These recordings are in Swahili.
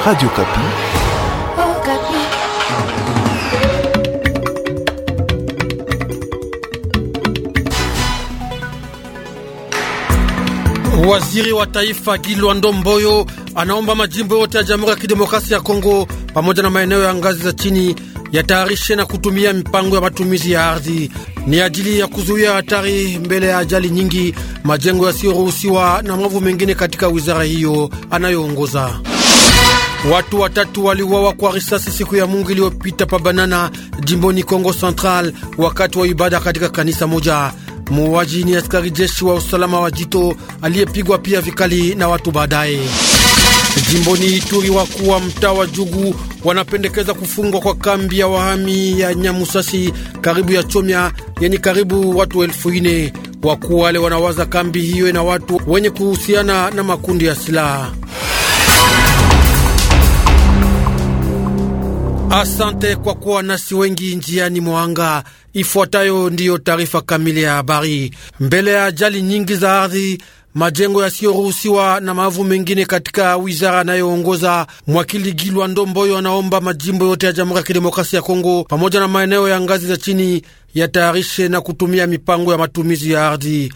Radio Kapi. Oh, Kapi. Waziri wa taifa Gilwando Mboyo anaomba majimbo yote ya Jamhuri ya Kidemokrasia ya Kongo pamoja na maeneo ya ngazi za chini yatayarishe na kutumia mipango ya matumizi ya ardhi ni ajili ya kuzuia hatari mbele ya ajali nyingi, majengo yasiyoruhusiwa na mambo mengine katika wizara hiyo anayoongoza. Watu watatu waliuawa kwa risasi siku ya Mungu iliyopita pa Banana jimboni Kongo Central wakati wa ibada katika kanisa moja. Muuaji ni askari jeshi wa usalama wa Jito aliyepigwa pia vikali na watu baadaye. Jimboni Ituri, wakuu wa mtaa wa Jugu wanapendekeza kufungwa kwa kambi ya wahami ya Nyamusasi karibu ya Chomya yenye karibu watu elfu ine. Wakuu wale wanawaza kambi hiyo na watu wenye kuhusiana na makundi ya silaha Asante kwa kuwa nasi wengi njiani mwanga. Ifuatayo ndiyo taarifa kamili ya habari. Mbele ya ajali nyingi za ardhi, majengo yasiyoruhusiwa na mavu mengine katika wizara anayoongoza mwakili Gilwa Ndomboyo anaomba majimbo yote ya Jamhuri ya Kidemokrasia ya Kongo pamoja na maeneo ya ngazi za chini yatayarishe na kutumia mipango ya matumizi ya ardhi.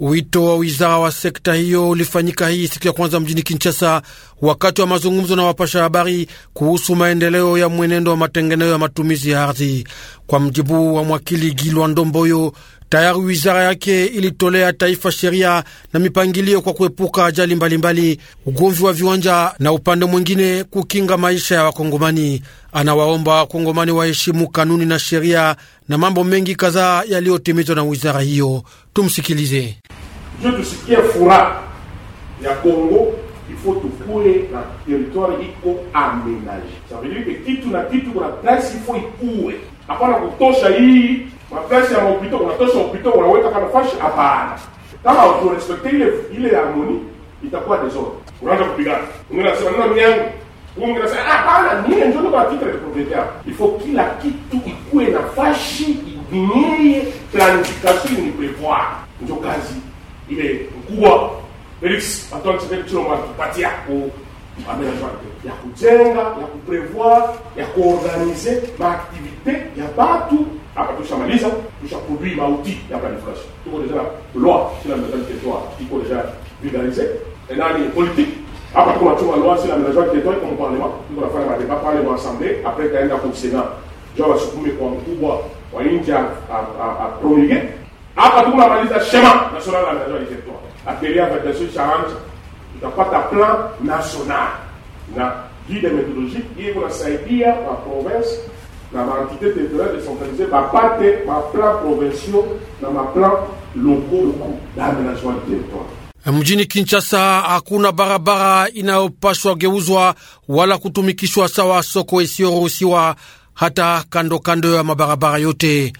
Wito wa wizara wa sekta hiyo ulifanyika hii siku ya kwanza mjini Kinshasa wakati wa mazungumzo na wapasha habari kuhusu maendeleo ya mwenendo wa matengenezo ya matumizi ya ardhi. Kwa mjibu wa mwakili Gilwa Ndomboyo, Tayari wizara yake ilitolea taifa sheria na mipangilio kwa kuepuka ajali mbalimbali, ugomvi wa viwanja na upande mwingine kukinga maisha ya Wakongomani. Anawaomba Wakongomani waheshimu kanuni na sheria na mambo mengi kadhaa yaliyotimizwa na wizara hiyo. Tumsikilize. Tusikie furaha ya Kongo ifo na teritwari iko amenaje, kitu na kitu kuna plasi ifo ikuwe hapana kutosha hii mapesa ya upito unatosha upito unaweka kama fashi hapana kama uturespekte ile ile harmoni itakuwa desordre unaanza kupigana mwingine anasema nina mnyango mwingine anasema hapana niye ndio ndio kitu cha propriété ifo kila kitu ikuwe na fashi ignyeye planification ni prevoir ndio kazi ile mkubwa Felix Antoine Tshisekedi Tshilombo anatupatia ku ya kujenga ya kuprevoir ya kuorganiser maaktivite ya batu Hapa tushamaliza, tushaprodui mauti ya planification. Tuko deja loi sur l'aménagement du territoire iko deja vulgarisée, nani politique hapa tuko la loi sur l'aménagement du territoire kama parlement, tuko nafanya madeba pale mu ensemble après kaenda ku Sénat, ndio wasukume kwa mkubwa wa nchi a, a, a, a promulguer. Hapa tuko namaliza schéma national l'aménagement du territoire, appelé à validation Charente, ta plan national na guide méthodologique la kunasaidia la province na baentité territoriale décentralisée bapaa te baplan provinciaux na maplan lokoko ya aménagement du territoire. E mjini Kinshasa hakuna barabara inayopashwa geuzwa wala kutumikishwa sawa soko isiyoruhusiwa hata kando kando ya mabarabara yote.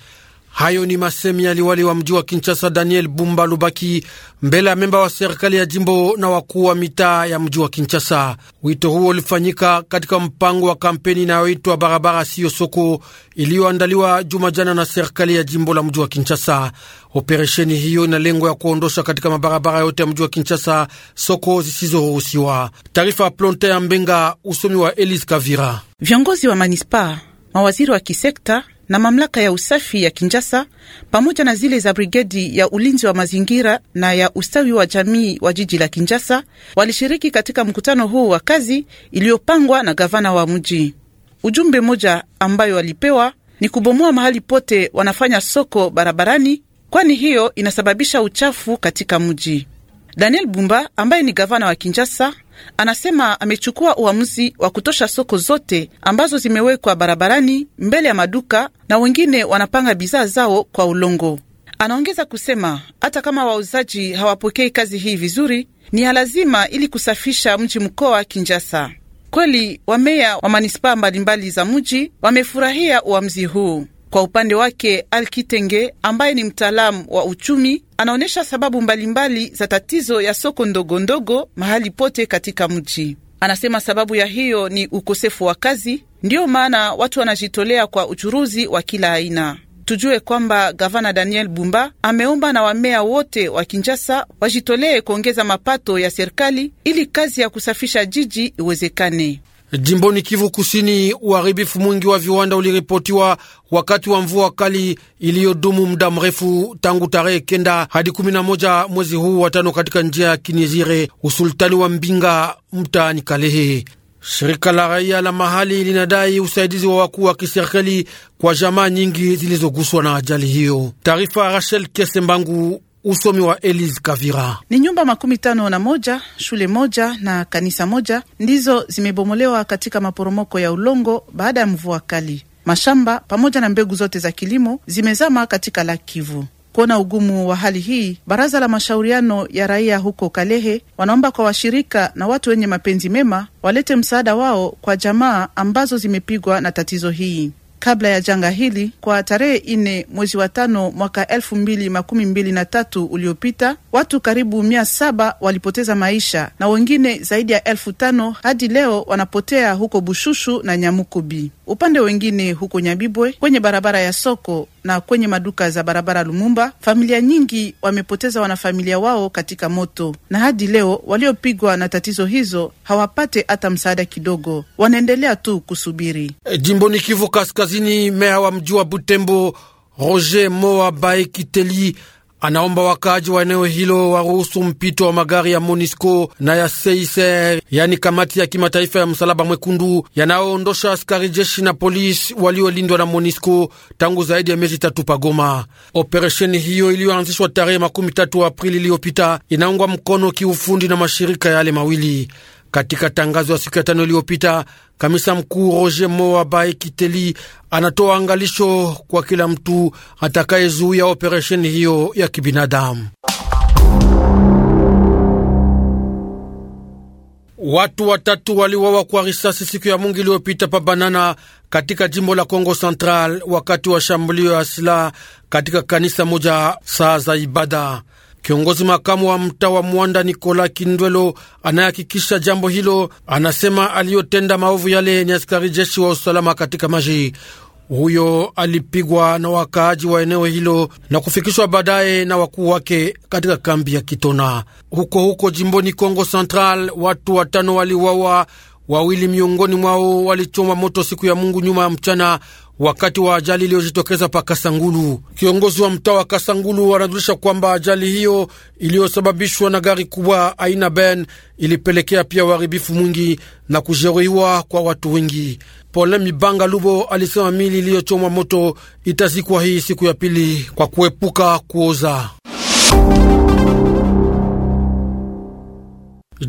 Hayo ni masemi yaliwali wa mji wa Kinshasa Daniel Bumba Lubaki mbele ya memba wa serikali ya jimbo na wakuu wa mitaa ya mji wa Kinshasa. Wito huo ulifanyika katika mpango wa kampeni inayoitwa barabara siyo soko iliyoandaliwa juma jana na serikali ya jimbo la mji wa Kinshasa. Operesheni hiyo ina lengo ya kuondosha katika mabarabara yote ya mji wa Kinshasa soko zisizoruhusiwa. Taarifa ya Plonte ya Mbenga, usomi wa Elise Kavira. Viongozi wa manispa, mawaziri wa kisekta na mamlaka ya usafi ya Kinjasa pamoja na zile za brigedi ya ulinzi wa mazingira na ya ustawi wa jamii wa jiji la Kinjasa walishiriki katika mkutano huu wa kazi iliyopangwa na gavana wa mji. Ujumbe mmoja ambayo walipewa ni kubomoa mahali pote wanafanya soko barabarani, kwani hiyo inasababisha uchafu katika mji. Daniel Bumba ambaye ni gavana wa Kinjasa Anasema amechukua uamuzi wa kutosha soko zote ambazo zimewekwa barabarani mbele ya maduka na wengine wanapanga bidhaa zao kwa ulongo. Anaongeza kusema hata kama wauzaji hawapokei kazi hii vizuri, ni ya lazima ili kusafisha mji mkoa wa Kinjasa. Kweli wameya wa manispaa mbalimbali za mji wamefurahia uamuzi huu. Kwa upande wake, Alkitenge ambaye ni mtaalamu wa uchumi anaonyesha sababu mbalimbali mbali za tatizo ya soko ndogondogo mahali pote katika mji. Anasema sababu ya hiyo ni ukosefu wa kazi, ndiyo maana watu wanajitolea kwa uchuruzi wa kila aina. Tujue kwamba gavana Daniel Bumba ameomba na wamea wote wa Kinjasa wajitolee kuongeza mapato ya serikali ili kazi ya kusafisha jiji iwezekane. Jimboni Kivu Kusini, uharibifu mwingi wa viwanda uliripotiwa wakati wa mvua kali iliyodumu muda mrefu tangu tarehe kenda hadi kumi na moja mwezi huu wa tano katika njia ya Kinizire, usultani wa Mbinga, mtaani Kalehe. Shirika la raia la mahali linadai usaidizi wa wakuu wa kiserikali kwa jamaa nyingi zilizoguswa na ajali hiyo. Taarifa Rachel Kesembangu Usomi wa Elise Kavira. Ni nyumba makumi tano na moja, shule moja na kanisa moja ndizo zimebomolewa katika maporomoko ya ulongo baada ya mvua kali. Mashamba pamoja na mbegu zote za kilimo zimezama katika la Kivu. Kuona ugumu wa hali hii, baraza la mashauriano ya raia huko Kalehe wanaomba kwa washirika na watu wenye mapenzi mema walete msaada wao kwa jamaa ambazo zimepigwa na tatizo hii kabla ya janga hili kwa tarehe ine mwezi wa tano mwaka elfu mbili makumi mbili na tatu uliopita watu karibu mia saba walipoteza maisha na wengine zaidi ya elfu tano hadi leo wanapotea huko Bushushu na Nyamukubi. Upande wengine huko Nyabibwe kwenye barabara ya soko na kwenye maduka za barabara Lumumba, familia nyingi wamepoteza wanafamilia wao katika moto, na hadi leo waliopigwa na tatizo hizo hawapate hata msaada kidogo, wanaendelea tu kusubiri. E, eh, jimboni Kivu Kaskazini, meya wa mji wa Butembo Roger Moa Baekiteli anaomba wakaaji wa eneo hilo waruhusu mpito wa magari ya MONISCO na ya seiser, yani kamati ya kimataifa ya msalaba mwekundu, yanayoondosha askari jeshi na polisi waliolindwa na MONISCO tangu zaidi ya miezi tatu pagoma. Operesheni hiyo iliyoanzishwa tarehe makumi tatu Aprili iliyopita inaungwa mkono kiufundi na mashirika yale mawili. Katika tangazo ya siku ya tano iliyopita, kamisa mkuu Roger Moa Bae Kiteli anatoa angalisho kwa kila mtu atakayezuia operesheni hiyo ya kibinadamu. Watu watatu waliwawa kwa risasi siku ya Mungu iliyopita pa Banana katika jimbo la Kongo Central wakati wa shambulio ya silaha katika kanisa moja saa za ibada. Kiongozi makamu wa mtaa wa Mwanda Nikola Kindwelo anayehakikisha jambo hilo anasema aliyotenda maovu yale ni askari jeshi wa usalama katika maji. Huyo alipigwa na wakaaji wa eneo hilo na kufikishwa baadaye na wakuu wake katika kambi ya Kitona huko huko jimboni Kongo Central. Watu watano waliuawa, wawili miongoni mwao walichomwa moto siku ya Mungu nyuma ya mchana wakati wa ajali iliyojitokeza pa Kasangulu. Kiongozi wa mtaa wa Kasangulu anajulisha kwamba ajali hiyo iliyosababishwa na gari kubwa aina Ben ilipelekea pia uharibifu mwingi na kujeruhiwa kwa watu wengi. Pole Mibanga Lubo alisema mili iliyochomwa moto itazikwa hii siku ya pili kwa kuepuka kuoza.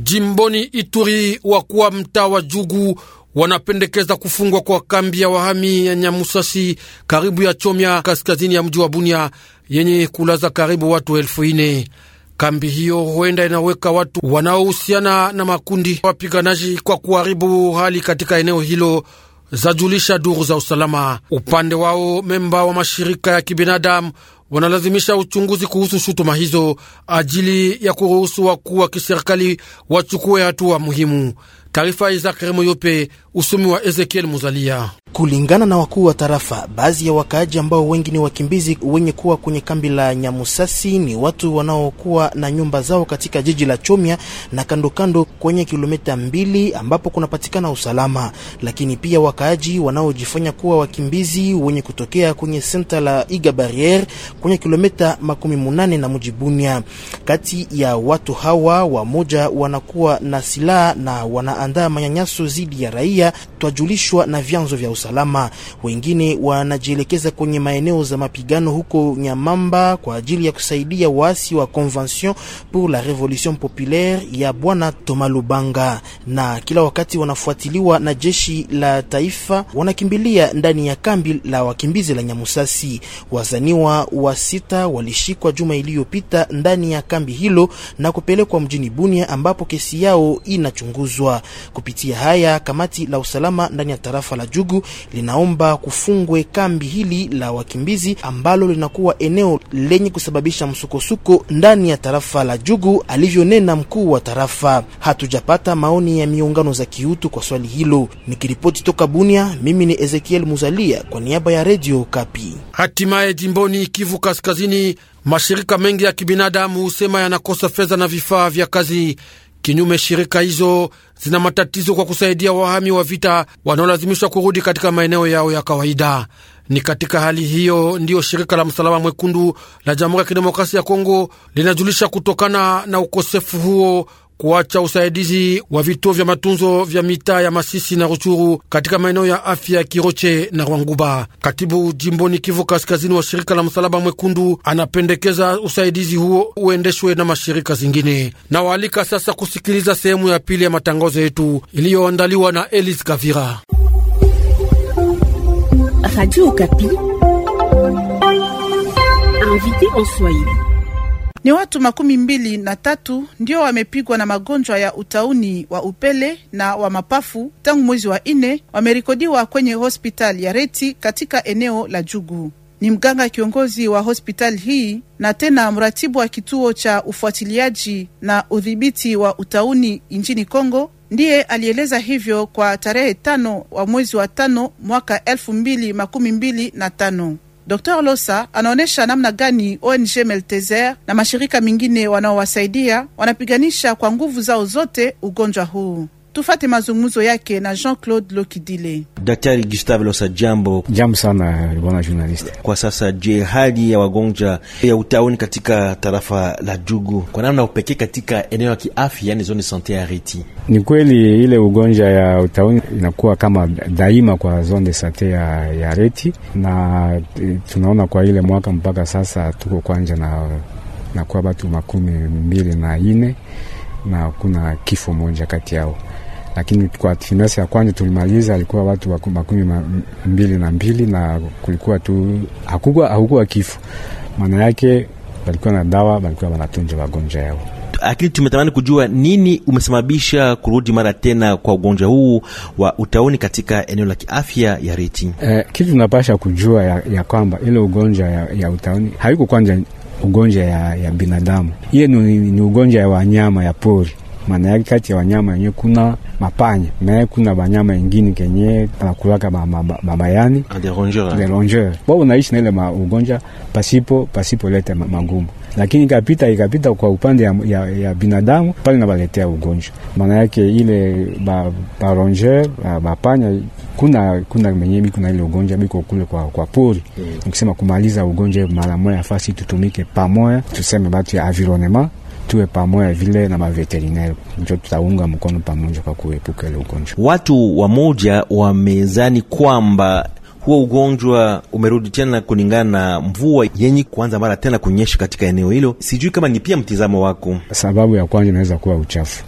Jimboni Ituri, wakuwa mtaa wa Jugu wanapendekeza kufungwa kwa kambi ya wahami ya Nyamusasi karibu ya Chomya, kaskazini ya mji wa Bunia, yenye kulaza karibu watu elfu ine. Kambi hiyo huenda inaweka watu wanaohusiana na makundi wapiganaji kwa kuharibu hali katika eneo hilo, zajulisha duru za usalama. Upande wao, memba wa mashirika ya kibinadamu wanalazimisha uchunguzi kuhusu shutuma hizo ajili ya kuruhusu wakuu wa kiserikali wachukue hatua muhimu. Taarifa Isaac Remo Yope, usomi wa Ezekiel Muzalia. Kulingana na wakuu wa tarafa, baadhi ya wakaaji ambao wengi ni wakimbizi wenye kuwa kwenye kambi la Nyamusasi ni watu wanaokuwa na nyumba zao katika jiji la chomia na kando kando kwenye kilomita mbili ambapo kunapatikana usalama, lakini pia wakaaji wanaojifanya kuwa wakimbizi wenye kutokea kwenye senta la Iga Barriere kwenye kilomita makumi munane na mji Bunia. Kati ya watu hawa wamoja wanakuwa na silaha na wanaandaa manyanyaso dhidi ya raia, twajulishwa na vyanzo vya usalama usalama. Wengine wanajielekeza kwenye maeneo za mapigano huko Nyamamba kwa ajili ya kusaidia waasi wa Convention pour la Revolution Populaire ya Bwana Toma Lubanga, na kila wakati wanafuatiliwa na jeshi la taifa, wanakimbilia ndani ya kambi la wakimbizi la Nyamusasi. Wazaniwa wa sita walishikwa juma iliyopita ndani ya kambi hilo na kupelekwa mjini Bunia ambapo kesi yao inachunguzwa. Kupitia haya, kamati la usalama ndani ya tarafa la Jugu linaomba kufungwe kambi hili la wakimbizi ambalo linakuwa eneo lenye kusababisha msukosuko ndani ya tarafa la Jugu, alivyonena mkuu wa tarafa. Hatujapata maoni ya miungano za kiutu kwa swali hilo. Nikiripoti toka Bunia, mimi ni Ezekiel Muzalia kwa niaba ya redio Kapi. Hatimaye jimboni Kivu Kaskazini, mashirika mengi ya kibinadamu husema yanakosa fedha na vifaa vya kazi Kinyume, shirika hizo zina matatizo kwa kusaidia wahami wa vita wanaolazimishwa kurudi katika maeneo yao ya kawaida. Ni katika hali hiyo ndiyo shirika la Msalaba Mwekundu la Jamhuri ya Kidemokrasia ya Kongo linajulisha kutokana na ukosefu huo kuacha usaidizi wa vituo vya matunzo vya mitaa ya Masisi na Ruchuru katika maeneo ya afya ya Kiroche na Rwanguba. Katibu jimboni Kivu Kaskazini wa shirika la Msalaba Mwekundu anapendekeza usaidizi huo uendeshwe na mashirika zingine. Na waalika sasa kusikiliza sehemu ya pili ya matangazo yetu iliyoandaliwa na Elis Kavira. Radio Okapi invité en Swahili ni watu makumi mbili na tatu ndio wamepigwa na magonjwa ya utauni wa upele na wa mapafu tangu mwezi wa nne, wamerekodiwa kwenye hospitali ya Reti katika eneo la Jugu. Ni mganga kiongozi wa hospitali hii na tena mratibu wa kituo cha ufuatiliaji na udhibiti wa utauni nchini Kongo ndiye alieleza hivyo kwa tarehe tano wa mwezi wa tano mwaka elfu mbili makumi mbili na tano. Dr. Losa anaonyesha namna gani ONG Melteser na mashirika mengine wanaowasaidia wanapiganisha kwa nguvu zao zote ugonjwa huu. Tufate mazungumzo yake na Jean-Claude Lokidile. Daktari Gustave Losa, jambo. Jambo sana bwana journalist. Kwa sasa, je, hali ya wagonjwa ya utaoni katika tarafa la Jugu kwa namna upekee katika eneo ya kiafya, yani zone sante ya Reti? Ni kweli ile ugonjwa ya utaoni inakuwa kama daima kwa zone sante ya, ya Reti, na tunaona kwa ile mwaka mpaka sasa tuko kwanja na nakuwa batu makumi mbili na ine na kuna kifo moja kati yao lakini kwa finasi ya kwanza tulimaliza alikuwa watu makumi mbili na mbili na kulikuwa tu hakukuwa hakukuwa kifo. Maana yake walikuwa na dawa, walikuwa wanatunza wagonjwa yao. Lakini tumetamani kujua nini umesababisha kurudi mara tena kwa ugonjwa huu wa utaoni katika eneo la kiafya ya riti Eh, kitu tunapasha kujua ya, ya kwamba ile ugonjwa ya, ya utaoni haiko kwanza ugonjwa ya, ya binadamu, hiyo ni, ni ugonjwa ya wanyama ya pori maana yake kati ya wanyama wenyewe kuna mapanya me kuna wanyama wengine kenye anakulaka mamayani ma, ma bo unaishi naile ugonjwa pasipo lete magumu lakini ikapita ikapita kwa upande ya, ya, ya binadamu pale nabaletea ugonjwa. Maana yake ile baronge ba bapanya ba kuna kuna menye kuna ile ugonjwa biko kule kwa, kwa pori mm. Nikisema kumaliza ugonjwa mara moya, fasi tutumike pamoya, tuseme batu ya environnement tuwe pamoja vile na maveterinari njo tutaunga mkono pamoja kwa kuepuka ile ugonjwa. Watu wamoja wamezani kwamba huo ugonjwa umerudi tena kulingana na mvua yenye kuanza mara tena kunyesha katika eneo hilo. Sijui kama ni pia mtizamo wako. Sababu ya kwanza inaweza kuwa uchafu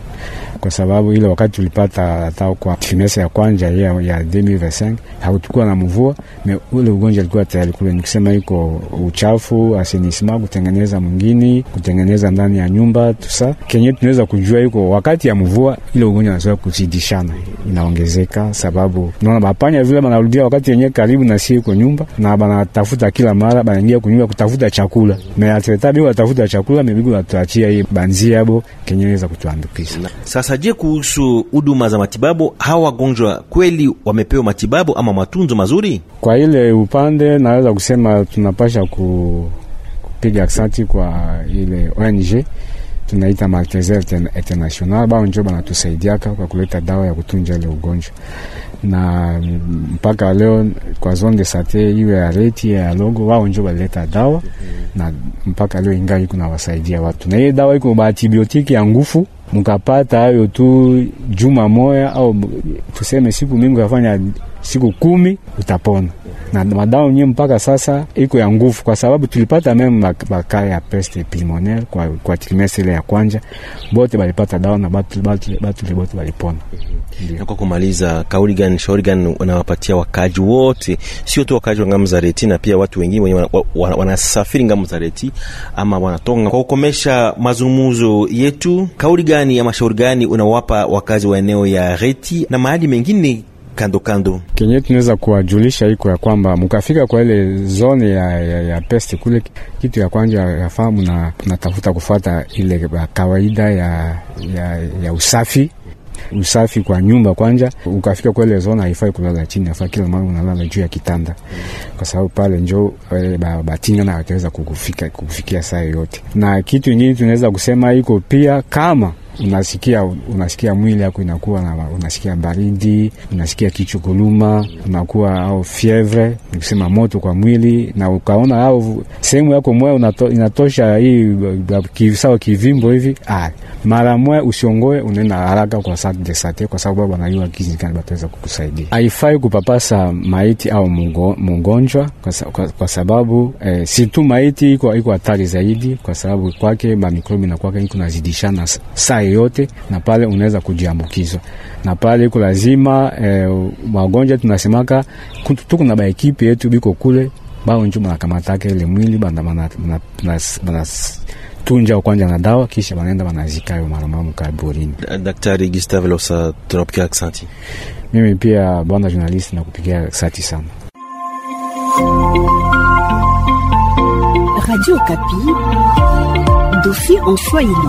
kwa sababu ile wakati tulipata tao kwa trimestre ya kwanza ya, ya 2025 hautukuwa na mvua me ule ugonjwa ulikuwa tayari kule, nikisema iko uchafu asinisima, kutengeneza mwingine, kutengeneza ndani ya nyumba tusa kenye tunaweza kujua iko wakati ya mvua, ile ugonjwa unaweza kuzidishana inaongezeka, sababu naona bapanya vile banarudia wakati yenye karibu na sie iko nyumba na banatafuta kila mara, banaingia kunyumba kutafuta chakula me atetabi watafuta chakula mebigu natuachia hii banzi yabo kenye weza kutuambukiza sasa je, kuhusu huduma za matibabu, hawa wagonjwa kweli wamepewa matibabu ama matunzo mazuri? Kwa ile upande naweza kusema tunapasha ku, kupiga aksanti kwa ile ONG tunaita Malteser International, bao njo banatusaidiaka kwa kuleta dawa ya kutunja ile ugonjwa, na mpaka leo kwa zone de sante iwe ya Reti ya Logo, wao njo balileta dawa na mpaka leo ingawa kuna wasaidia watu na ile dawa iko baantibiotiki ya nguvu mkapata hayo tu juma moya au tuseme siku mingi, ukafanya siku kumi utapona na madawa yenyewe mpaka sasa iko ya nguvu, kwa sababu tulipata meme bakaya ya peste pulmonaire kwa, kwa trimestre ya kwanja bote balipata dawa na batu, batu, batu, batu, bote balipona. Na kwa kumaliza, kauli gani, shauri gani unawapatia wakaji wote, sio tu wakaji wa ngamu za reti, na pia watu wengine wenye wanasafiri ngamu za reti ama wanatonga? Kwa kukomesha mazungumzo yetu, kauli gani ama shauri gani unawapa wakazi wa eneo ya reti na mahali mengine kando kando. Kenye tunaweza kuwajulisha iko ya kwamba mkafika kwa ile zone ya, ya, ya peste kule, kitu ya kwanza yafahamu na natafuta kufuata ile kawaida ya, ya, ya usafi usafi kwa nyumba kwanja. Ukafika kwa ile zona, haifai kulala chini, afa kila mara unalala juu ya kitanda, kwa sababu pale njo e, eh, ba, batinga na wataweza kukufika kukufikia saa yoyote. Na kitu ingine tunaweza kusema iko pia kama unasikia unasikia mwili yako inakuwa na, unasikia baridi, unasikia kichukuluma, unakuwa au fievre, nikusema moto kwa mwili, na ukaona au sehemu yako unato, inatosha hii uh, kisawa kivimbo hivi ah, mara mwe usiongoe, unaenda haraka kwa centre de sante, kwa sababu wanajua kizikani bataweza kukusaidia. Haifai kupapasa maiti au mgonjwa kwa, kwa sababu eh, si tu maiti iko hatari zaidi, kwa sababu kwake mamikrobi na kwake iko nazidishana sai yoyote, na pale unaweza kujiambukiza, na pale iko lazima eh, wagonjwa eh, tunasemaka tuko na baekipi yetu biko kule bao njo banakamataka ile mwili banatunja kwanja na dawa, kisha banaenda banazikayo marama mkaburini. Daktari Gustave Losa, tunapikia aksanti. Mimi pia bwana journalist nakupikia aksanti sana. Radio Kapi, dofi en Swahili.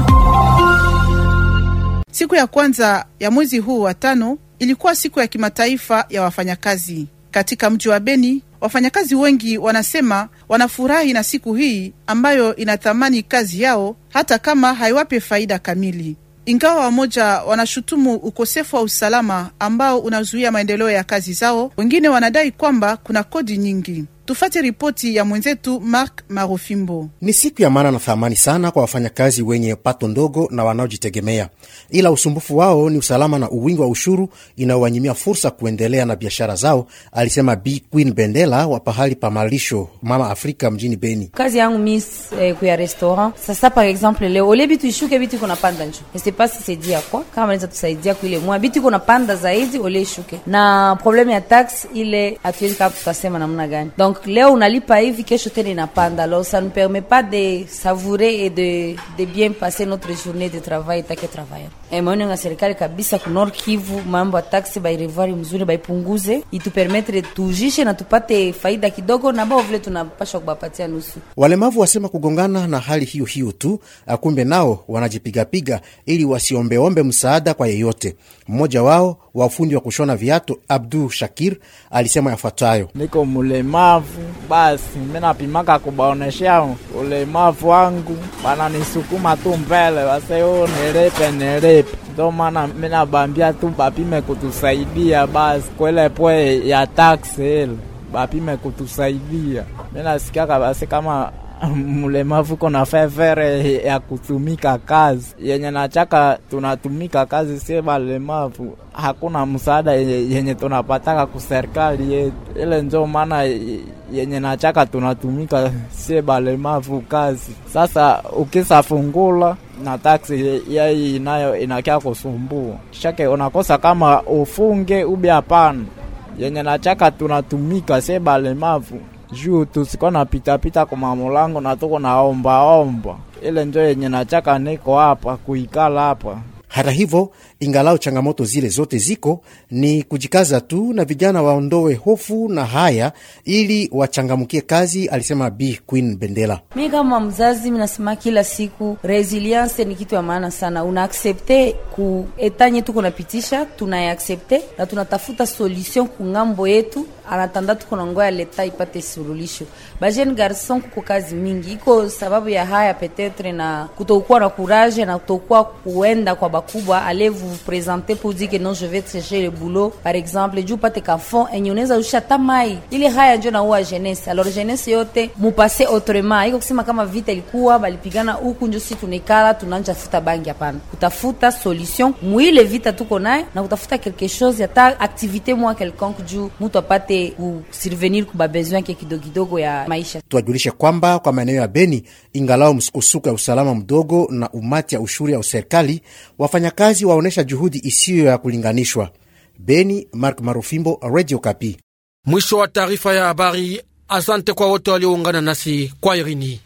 Siku ya kwanza ya mwezi huu wa tano ilikuwa siku ya kimataifa ya wafanyakazi katika mji wa Beni. Wafanyakazi wengi wanasema wanafurahi na siku hii ambayo inathamani kazi yao hata kama haiwape faida kamili, ingawa wamoja wanashutumu ukosefu wa usalama ambao unazuia maendeleo ya kazi zao. Wengine wanadai kwamba kuna kodi nyingi. Tufate ripoti ya mwenzetu Mark Marofimbo. Ni siku ya maana na thamani sana kwa wafanyakazi wenye pato ndogo na wanaojitegemea, ila usumbufu wao ni usalama na uwingi wa ushuru inayowanyimia fursa kuendelea na biashara zao, alisema B Queen Bendela wa pahali pa malisho Mama Afrika mjini Beni. Kazi yangu mis eh, kuya restaurant sasa, par exemple leo ole bitu ishuke bitu iko panda njo esepasi sedia kwa kama naweza tusaidia kuile mwa bitu iko panda zaidi ole ishuke na probleme ya tax ile hatuwezi kaa tutasema namna gani donc Donc leo unalipa hivi, kesho tena inapanda. Alors ça nous permet pas de savourer et de, de bien passer notre journée de travail take travail. E, maoni ya serikali kabisa ku Nord Kivu, mambo ya taxi bairevari mzuri baipunguze, itupermetre tujishe na tupate faida kidogo, na bao vile tunapashwa kubapatia nusu. Walemavu wasema kugongana na hali hiyo hiyo tu, akumbe nao wanajipigapiga ili wasiombeombe msaada kwa yeyote. Mmoja wao wafundi wa kushona viatu Abdu Shakir alisema yafuatayo: niko mulemavu ulemavu. Basi mimi napimaka kubaoneshea ulemavu wangu, bananisukuma tu mbele, waseyo oh, nilipe nilipe. Ndo maana mimi nabambia tu bapime kutusaidia basi kwele pwe ya taksi ile bapime kutusaidia. Mimi nasikiaka basi kama mlemavu na fevere ya kutumika kazi yenye nachaka, tunatumika kazi sie balemavu, hakuna msaada yenye tunapataka kuserikali yetu. Ile njo maana yenye nachaka tunatumika sie balemavu kazi. Sasa ukisafungula na taksi yai nayo inakia kusumbua shake, unakosa kama ufunge ubi hapana. Yenye nachaka tunatumika sie balemavu juu tu siko pita kwa mamulango na tuko omba. ile njo yenye nachaka niko hapa kuikala hapa. Hata hivyo Ingalau changamoto zile zote ziko, ni kujikaza tu na vijana waondoe hofu na haya ili wachangamkie kazi, alisema B Queen Bendela. Mi kama mzazi minasema kila siku resilience ni kitu ya maana sana, una aksepte ku etanye eh, tuko napitisha, tunayeaksepte na tunatafuta solution kungambo yetu anatanda tuko na ngoya leta ipate suluhisho. Bajeni garson kuko kazi mingi iko sababu ya haya petetre na kutokuwa na kuraje na kutokuwa kuenda kwa bakubwa alevu vous présentez pour dire que non, je vais chercher le boulot, par exemple, juu upate kafon enye unaweza ushata mai ile haya ndio la jeunesse. Alors jeunesse yote passé autrement, iko kusema kama vita ilikuwa balipigana huku ndio il tunikala tunanja futa bangi. Hapana, kutafuta solution mwile vita tuko naye na kutafuta quelque chose yata activité mwa quelconque juu mtu apate kusurvenir kuba besoin yake kidogo kidogo ya maisha. Tuwajulishe kwamba kwa maeneo ya Beni, ingalao msukusuku ya usalama mdogo na umati ya ushuri ya serikali, wafanyakazi waonesha kuonyesha juhudi isiyo ya kulinganishwa. Beni, Mark Marufimbo, Radio Kapi. Mwisho wa taarifa ya habari. Asante kwa wote walioungana nasi kwa Irini.